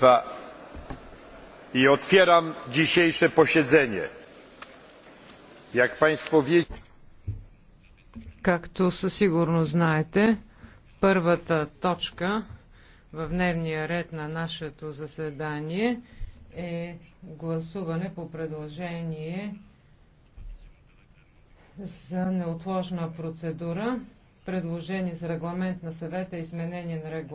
państwa! otwieram dzisiejsze posiedzenie. jak państwo wiecie Както със сигурност знаете, първата точка в дневния ред на нашето заседание е гласуване по предложение за неотложна процедура, предложение за регламент на съвета, изменение на регламент.